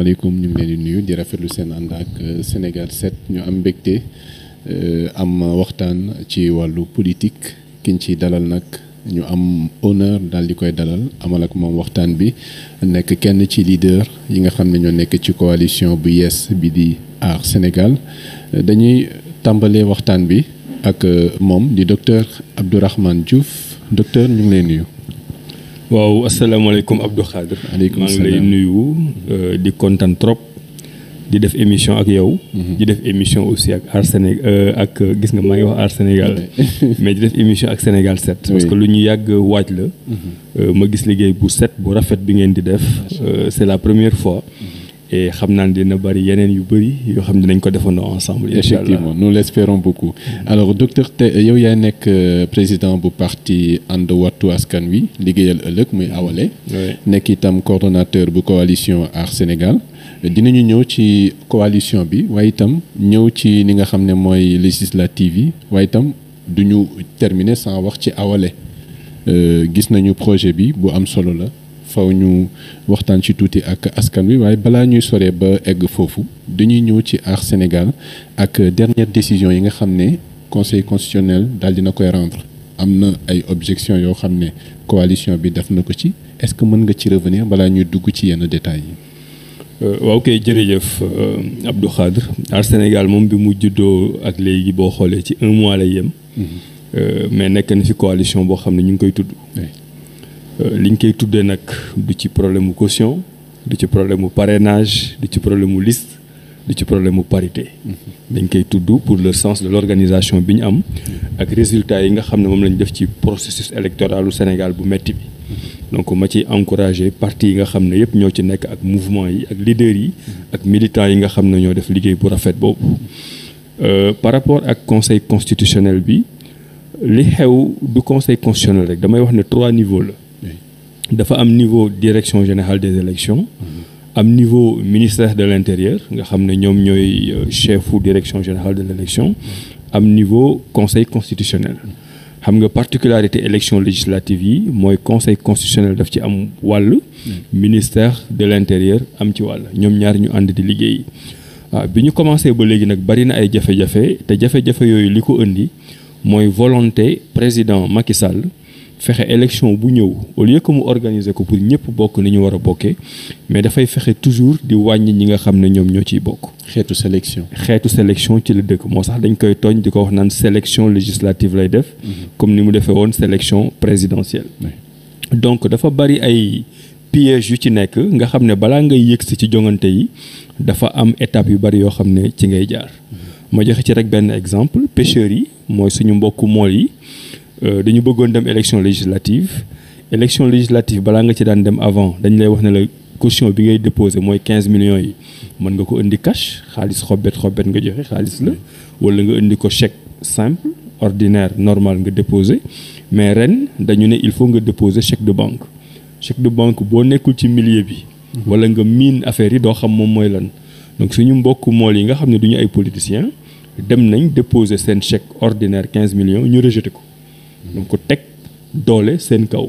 asalaamaaleykum ñu mu leen di nuyu di rafetlu seen ànd ak euh, Sénégal 7 ñu am mbégte euh, am waxtaan ci wàllu politique kiñ ci dalal nag ñu am honneur daal di koy dalal amal ak moom waxtaan bi nekk kenn ci leader yi nga xam ne ñoo nekk ci coalition bu yees bi di aar Sénégal dañuy tàmbalee waxtaan bi ak euh, moom di docteur Abdourahmane Diouf docteur ñu ngi lay nuyu. waaw asalaamaaleykum Abdou Khadir. maaleykum salaam maa ngi lay nuyu. Euh, di kontaan trop. di def émission ak yow. Mhm. di def émission aussi ak Aar Séné euh, ak euh, gis nga maa ngi wax Aar Sénégal. mais di def émission ak Sénégal 7. parce que lu ñu yàgg waaj la. Mhm. ma gis liggéey bu set bu rafet bi ngeen di def. c'est la première fois. Mhm. et xam naa dina bari yeneen yu bëri yoo xam ne dinañ ko defandoo ensemble. effectivement nous l'espérons beaucoup. Mm-hmm. alors docteur te yow yaay nekk euh, président bu parti ànd wattu askan wi liggéeyal ëllëg muy mm-hmm. awale. nekk itam coordonnateur bu coalition Aar Sénégal. dinañu ñëw ci coalition bi waaye itam ñëw ci ni nga xam ne mooy législative yi waaye itam du ñu terminer sans wax ci awale euh, gis nañu projet bi bu am solo la. faw ñu waxtaan ci tuuti ak askan wi waaye balaa ñuy soree ba egg foofu dañuy ñëw ci Aar Sénégal ak dernière décision yi nga xam ne conseil constitutionnel daal dina koy rendre am na ay objection yoo xam ne coalition bi def na ko ci est-ce que mën nga ci revenir balaa ñuy dugg ci yenn détails yi. Euh, waaw kay jërëjëf euh, Abdou Khadre Aar Sénégal moom bi mu juddoo ak léegi boo xoolee ci un mois la yem. Mhm. Euh, mais nekk na fi coalition boo xam ne ñu ngi koy tudd. Euh, liñ koy tuddee nag du ci problème mu caution du ci problème mu parrainage du ci problème mu liste du ci problème mu parité mhm. dañ koy tudd pour le sens de l'organisation bi ñu am ak résultats yi nga xam ne moom lañu def ci processus électoral u Sénégal bu metti bi mhm. donc ma ci encouragé parti yi nga xam ne yëpp ñoo ci nekk ak mouvement yi ak leaders yi mhm. ak militants yi nga xam ne ñoo def liggéey bu rafet boobu euh, par rapport ak conseil constitutionnel bi li xew du conseil constitutionnel rek damay wax ne trois niveaux la dafa am niveau direction générale des élections am niveau ministère de l'intérieur nga xam ne ñoom ñooy euh, chefu direction générale de l'élection am niveau conseil constitutionnel xam nga particularité élection législative yi mooy conseil constitutionnel daf ci am wàll ministère de l'intérieur am ci wàll ñoom ñaar ñu ànd di liggéey waaw ah, bi ñu commencé ba léegi nag bari na ay jafe-jafe te jafe-jafe yooyu li ko indi mooy volonté président Macky Sall fexe élection bu ñëw au lieu mu organiser ko pour ñëpp bokk ni ñu war a bokkee mais dafay fexe toujours di wàññi ñi nga xam ne ñoom ñoo ciy bokk. xeetu sélection. xeetu sélection ci la dëkk moo sax dañ koy tooñ di ko wax naan sélection législative lay def. Mm-hmm. comme ni mu defee woon sélection présidentielle. donc dafa bari ay pièges yu ci nekk nga xam ne balaa ngay yëgsi ci joŋante yi dafa am étape yu bari yoo xam ne ci ngay jaar. Mm-hmm. ma joxe ci rek benn exemple pêcheurs yi mooy suñu mbokku mool yi. Euh, dañu bëggoon dem élection législative élection législative balaa nga ci daan dem avant dañ lay wax ne la caution bi ngay déposé mooy quinze millions yi mën nga ko indi cash xaalis xobbet xobbet nga joxe xaalis la wala nga indi ko chèque simple ordinaire normal nga déposé mais ren dañu ne il faut nga déposer chèque de banque chèque de banque boo nekkul ci milieu bi wala nga miin affaire yi doo xam moom mooy lan donc suñu mbokk mool yi nga xam ne du ay politiciens dem nañ déposer seen chèque ordinaire quinze ñu rejeté ko dama ko teg doole seen kaw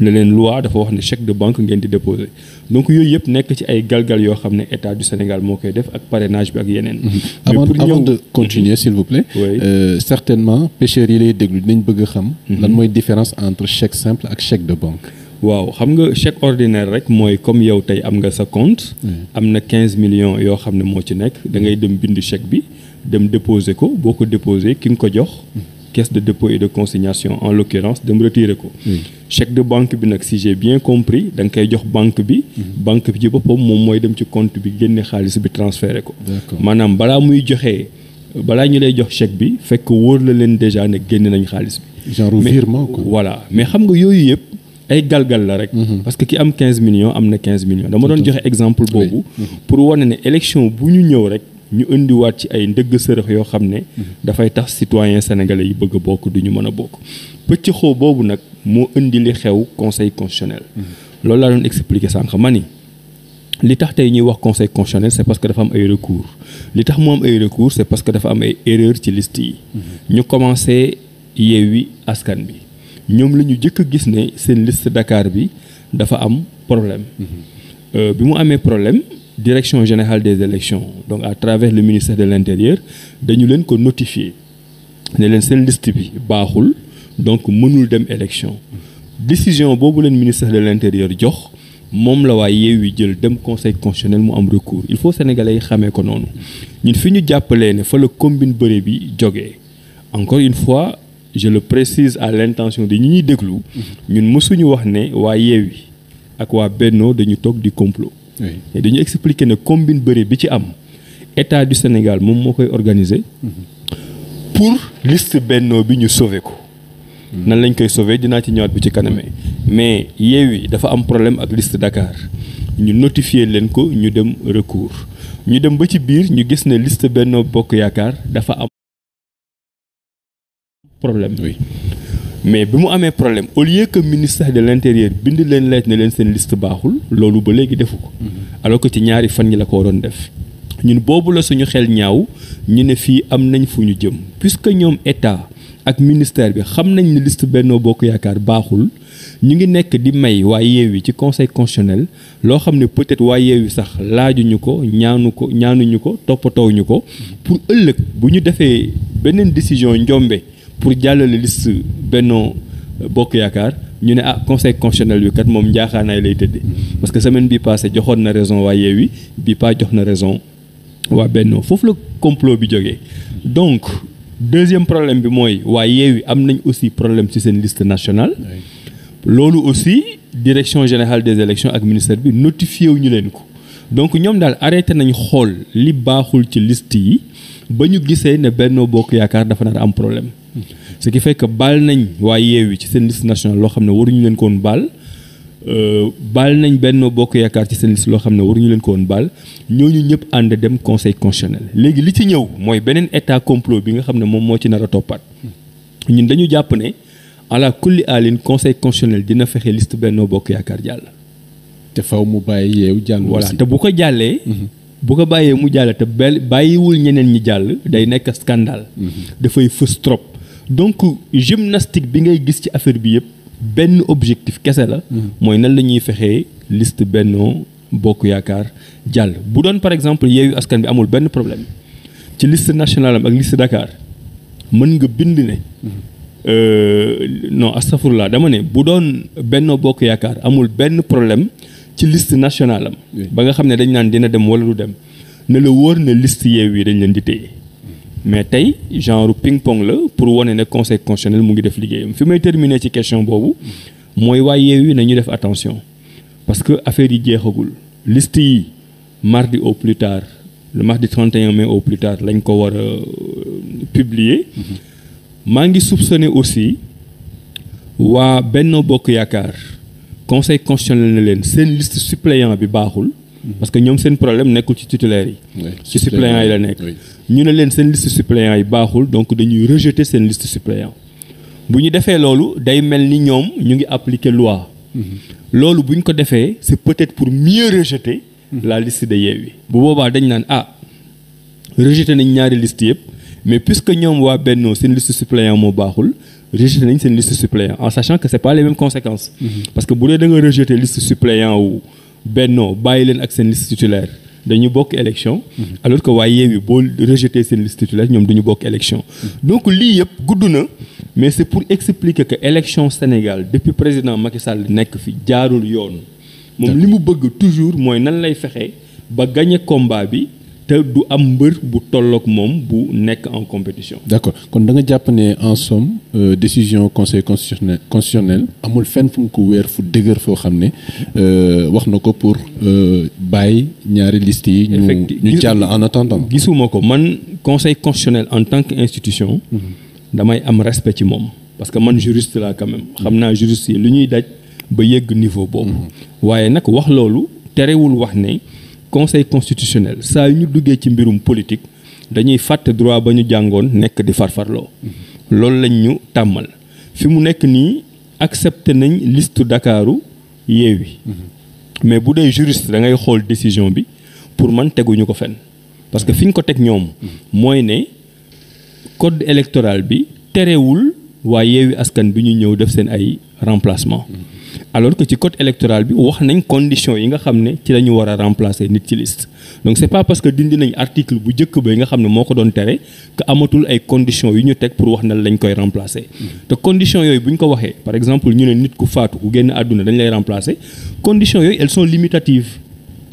ne leen loi dafa wax ne chèque de banque ngeen di déposé donc yooyu yëpp nekk ci ay galgal yoo xam ne état du Sénégal moo koy def ak parrainage bi ak yeneen. Mhm. avant avant mhm. continuer s'il vous plaît. oui euh, certainement pêcheurs yi lay déglu dinañ bëgg a xam. Mhm. lan mooy différence entre chèque simple ak chèque de banque. waaw xam nga chèque ordinaire rek mooy comme yow tey am nga sa compte. am na 15 millions yoo xam ne moo ci nekk dangay dem bind chèque bi dem déposer ko boo ko déposé ki ko jox. caisse de dépôt et de consignation en l'occurrence dem retiré ko hmm. chèque de banque bi nag si j'ai bien compris da nga jox banque bi hmm. banque bi ci boppam moom mooy dem ci compte bi génne xaalis bi transféré ko maanaam balaa muy joxee balaa ñu lay jox chèque bi fekk wóor la leen déjà ne génne nañ xaalis bi genre virement quoi mais xam nga yooyu yëpp ay galgal la rek hmm. parce que ki am quinze millions am na quinze millions dama doon joxe exemple boobu pour wane ne élection bu ñu ñëw rek ñu indiwaat ci ay ndëgg sërëx yoo xam ne mhm. dafay tax citoyen sénégalais yi bëgg a bokk duñu mën a bokk pëccëxoo boobu nag moo indi li xew conseil constitutionnel mhm. loolu laa doon expliquer sànq ma ni li tax tey ñuy wax conseil constitutionnel c'est parce que dafa am ay recours li tax mu am ay recours c'est parce que dafa am ay erreur ci liste yi mhm. ñu commencé Yewwi Askan bi ñoom la ñu jëkk a gis ne seen liste Dakar bi dafa am problème euh, bi mu amee problème direction générale des élections donc à travers le ministère de l'intérieur dañu leen ko notifier ne leen seen liste bi baaxul donc mënul dem élection décision boobu leen ministère de l'intérieur jox moom la waa yi jël dem conseil constitutionnel mu am recours il faut sénégalais yi xamee ko noonu ñun fi ñu jàppalee ne fa la combine bëre bi joge encore une fois je le précise à l'intention de ñu ñuy déglu ñun mësuñu wax ne waa yi ak waa Benno dañu toog di complot te dañu expliquer ne combine bëre bi ci am état du Sénégal moom moo koy organiser. Mhm. pour list bennoo bi ñu sauver ko. Mhm. nan lañ koy sauver dinaa ci ñëwaat bu ci kanamee. mais Yewwi dafa am problème ak liste Dakar ñu notifier leen ko ñu dem recours ñu dem ba ci biir ñu gis ne list benno bokk yaakaar dafa am problème. mais bi mu amee problème au lieu que ministère de l' intérieur bind leen laaj ne leen seen liste baaxul loolu ba léegi defu ko mm-hmm. alors ko ci ñaari fan yi la ko waroon def ñun boobu la suñu xel ñaaw ñu ne fii am nañ fu ñu jëm puisque ñoom état ak ministère bi xam nañ ne liste Benno Bokk Yaakaar baaxul ñu ngi nekk di may waa yi ci conseil constitutionnel loo xam ne peut-être waa yi sax laajuñu ko ñaanu ko ñaanuñu ko toppatoo ñu ko mm-hmm. pour ëllëg bu ñu defee beneen décision njombe pour jàllale liste Benno Bokk Yaakaar ñu ne ah conseil constitutionnel bi kat moom njaaxaanaay lay tëddee parce que semaine bi passé joxoon na raison waa Yewwi bi pas jox na raison waa Benno foofu la complot bi jógee donc deuxième problème bi mooy waa Yewwi am nañ aussi problème ci seen liste national loolu aussi direction général des élections ak ministère bi notifié wu ñu leen ko donc ñoom daal arrêté nañ xool li baaxul ci list yi ba ñu gisee ne Benno Bokk Yaakaar dafa nar am problème ce qui fait baal nañ waa yi ci seen liste nationale loo xam ne waruñu leen koon woon baal euh, baal nañ Benno Bokk Yaakaar ci seen liste loo xam ne waruñu leen koon woon baal ñooñu ñëpp ànd dem conseil constitutionnel léegi li ci ñëw mooy beneen état complot bi nga xam ne moom moo ci nara toppaat ñun dañu jàpp ne ala kulli alin conseil constitutionnel dina fexe liste Benno Bokk Yaakaar jàll. te faw mu bàyyi yeew jàll. voilà te ko jàllee. Mhm. bu ko bàyyee mu jàll te benn bàyyiwul ñeneen ñi jàll day nekk scandale. Mm-hmm. dafay fës trop. donc gymnastique bi ngay gis ci affaire bi yëpp benn objectif kese la. Mm-hmm. mooy nan lañuy fexee list Benno Bokk Yaakaar jàll. bu doon par exemple Yewwi Askan bi amul benn problème ci liste nationale am ak liste Dakar mën nga bind ne. Mm-hmm. Euh, non astafurlah dama ne bu doon Benno Bokk Yaakaar amul benn problème. ci liste nationale am. ba nga xam ne dañ naan dina dem wala du dem ne la wóor ne liste yeew yi dañ leen di téye mais tey genre ping pong la pour wane ne conseil constitutionnel mu ngi def liggéeyam fi may terminer ci question boobu mooy waa yeew yi nañu def attention parce que affaire yi jeexagul liste yi mardi au plus tard le mardi 31 mais au plus tard lañ ko war a euh, publier mm-hmm. maa ngi soupçonné aussi waa Benno Bokk Yaakaar. conseil constitutionnel na leen seen liste suppléant bi baaxul mm-hmm. parce que ñoom seen problème nekkul ci titulaire yi ci suppléant yi la nekk ñu ne leen seen liste suppléant yi baaxul donc dañuy rejeter seen liste suppléant bu ñu defee loolu day mel ni ñoom ñu ngi appliquer loi mm-hmm. loolu bu ko defee c'est peut-être pour mieux rejeter mm-hmm. la liste de Yewwi bu boobaa dañ naan ah rejeter nañ ñaari liste yëpp mais puisque ñoom waa Benno seen liste suppléant moo baaxul rejeté nañ seen liste suppléant en sachant que c'est pas les mêmes conséquences. Mm-hmm. parce que bu dee da nga rejeté liste suppléant wu Benno bàyyi leen ak seen liste titulaire dañu bokk élection. Mm-hmm. alors que waaye Yewwi boo rejeté seen liste titulaire ñoom duñu bokk élection. Mm-hmm. donc lii yëpp gudd na mais c'est pour expliquer que élection Sénégal depuis président Macky Sall nekk fi jaarul yoon. moom li mu bëgg toujours mooy nan lay fexe ba gañe combat bi. te du am mbër bu tolloog moom bu nekk en compétition. d'accord kon da nga jàpp ne en somme euh, décision conseil constitutionnel constitutionnel amul fenn fu mu ko weer fu dëgër foo xam ne euh, wax na ko pour euh, bàyyi ñaari liste yi. ñu ñu jàll en attendant. gisuma ko man conseil constitutionnel en tant que institution. Mhm. damay am respect ci moom. parce que man juriste laa quand xam naa juriste yi lu ñuy daj ba yegg niveau boobu. Mhm. waaye nag wax loolu terewul wax ne. conseil constitutionnel saa yu ñu duggee ci mbirum politique dañuy fàtte droit ba ñu jàngoon nekk di farfarloo loolu lañ ñu tàmmal fi mu nekk nii accepté nañ liste Dakaru Yewwi mais bu dee juriste da ngay xool décision bi pour man teguñu ko fenn parce que fi ñu ko teg ñoom mooy ne code électoral bi terewul waa Yewwi askan bi ñuy ñëw def seen ay remplacement alors que ci code électoral bi wax nañ condition yi nga xam ne ci la ñu war a remplacer nit ci liste donc c'est pas parce que dindi nañ article bu jëkk ba yi nga xam ne moo ko doon tere que amatul conditions yu ñu teg pour wax na lañ koy remplacer. te conditions yooyu bu ko waxee par exemple ñu ne nit ku faatu ku àdduna dañ lay remplacer conditions yooyu elles sont limitatives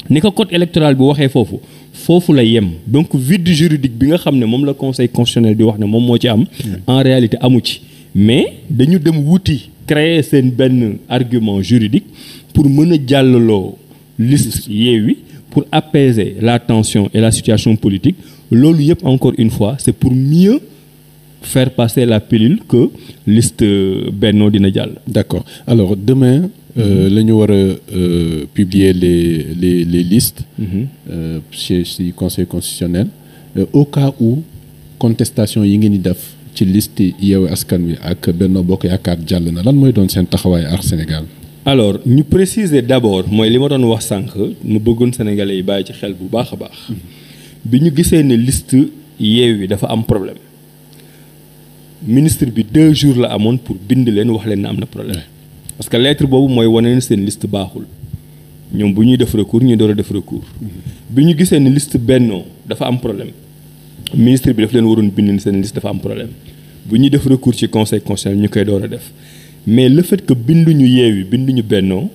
ni ko code électoral bi waxee foofu foofu la yem donc vide juridique bi nga xam ne moom la conseil constitutionnel di wax ne moom moo ci am mm. en réalité amu ci. mais dañu dem wuti créer seen benn argument juridique pour mën a jàllaloo liste Yewwi pour apaiser la tension et la situation politique loolu yëpp encore une fois c'est pour mieux faire passer la pilule que liste euh, Benno dina jàll. d'accord alors demain. Euh, mm-hmm. la ñu war a euh, publier les les les listes. Mm -hmm. euh, chez si conseil constitutionnel. Euh, au cas où contestation yi ngeen di def. ci liste yeewu askan wi ak Benno Bokk Yaakaar jàll na lan mooy doon seen taxawaay Aar Sénégal. alors ñu préciser d' abord mooy li ma doon wax sànq mu bëggoon sénégalais yi bàyyi ci xel bu baax a baax bi ñu gisee ne liste yeew yi dafa am problème ministre bi deux jours la amoon pour bind leen wax leen ne am na problème parce que lettre boobu mooy wane ne seen liste baaxul ñoom bu ñuy def recours ñu door a def recours mm-hmm. bi ñu gisee ni liste bennoo dafa am problème. ministre bi daf leen waroon bind ni seen liste dafa am problème bu ñu def recours ci conseil constitutionnel ñu koy door a def mais le fait que binduñu Yewwi binduñu Benno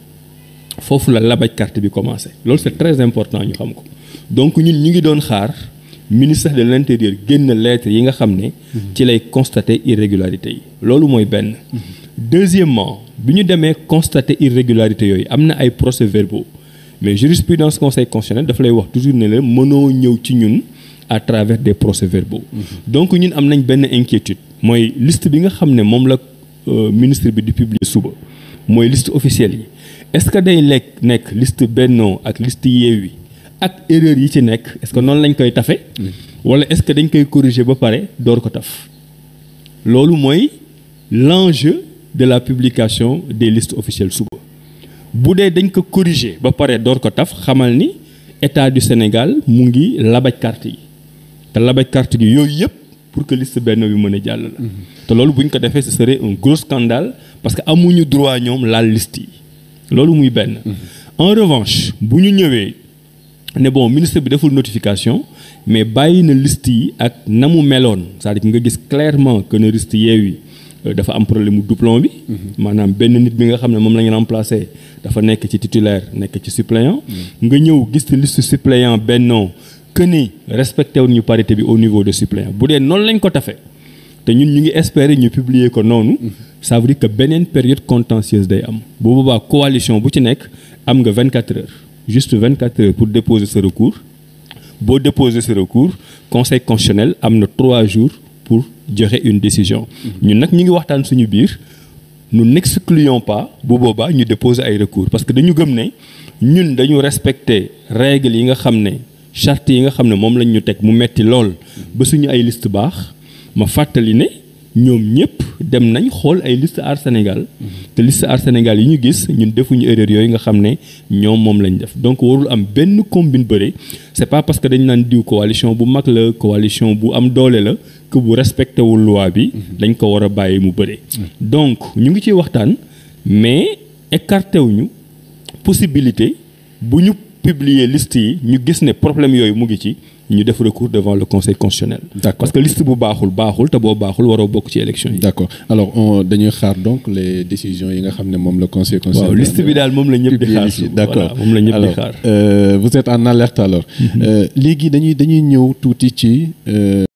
foofu la labaj carte bi commencé loolu c'est très important ñu xam ko donc ñun ñu ngi doon xaar ministre de l'intérieur génn lettre yi nga xam ne ci lay constater irrégularité yi loolu mooy benn deuxièmement bi ñu demee constater irrégularité yooyu am na ay procès verbaux mais jurisprudence conseil constitutionnel dafa lay wax toujours ne la mënoo ñëw ci ñun à travers des procès-verbaux. donc ñun am nañ benn inquiétude. mooy list bi nga xam ne moom la euh, ministre bi di publier suba mooy liste officielle yi est-ce que day lekk nekk liste Benno ak liste Yewwi ak erreur yi ci nekk est-ce que noonu lañ koy tafe wala est-ce que dañ koy corriger ba pare door ko taf loolu mooy l'enjeu de la publication des listes officielles suba bu dee dañ ko corriger ba pare door ko taf xamal ni état du Sénégal mu ngi labaj carte yi te labaj carte gi yooyu yëpp pour que liste benn bi mën a jàll la te loolu bu ñu ko defee ce serait un gros scandale parce que amuñu droit ñoom laal liste yi loolu muy benn en revanche bu ñu ñëwee ne bon ministre bi deful notification mais bàyyi na liste yi ak na mu meloon c'est-à-dire nga gis clairement que ne liste euh, dafa am problème mu doublon bi maanaam benn nit bi nga xam ne moom la ñu remplacé dafa nekk ci titulaire nekk ci suppléant nga ñëw gis liste suppléant bennoo que ni respecté wuñu parité bi au niveau de suppléant bu dee noonu lañ ko tafee te ñun ñu ngi espérer ñu publier ko noonu ça veut que beneen période contentieuse day am bu boobaa coalition bu ci nekk am nga 24 heures juste 24 heures pour déposer ce recours boo déposer ce recours conseil constitutionnel am na trois jours pour joxe une décision ñun nag ñu ngi waxtaan suñu biir nous n'excluons pas bu boobaa ñu déposer ay recours parce que dañu gëm ne ñun dañu respecter règles yi nga xam ne charte yi nga xam ne moom lañ ñu teg mu metti lool ba suñu ay liste baax ma fàttali ne ñoom ñëpp dem nañ xool ay liste Aar Sénégal te liste Aar Sénégal yi ñu gis ñun defuñu erreur yooyu nga xam ne ñoom moom lañ def donc warul am benn combine bëre c'est pas parce que dañ naan diw coalition bu mag la coalition bu am doole la que bu respecté wul loi bi dañ ko war a bàyyi mu bëre donc ñu ngi ci waxtaan mais écarté wuñu possibilité bu ñu publier list yi ñu gis ne problème yooyu mu ngi ci ñu def recours devant le conseil constitutionnel. d'accord parce que liste bu baaxul baaxul te boo baaxul waroo bokk ci élection yi. d'accord alors dañuy xaar donc les décisions yi nga xam ne moom le conseil constitutionnel. waaw liste bi daal moom la ñëpp di xaar d'accord moom la ñëpp di xaar. Euh, vous êtes en alerte alors. Mm-hmm. Euh, léegi dañuy dañuy ñëw tuuti ci. Euh,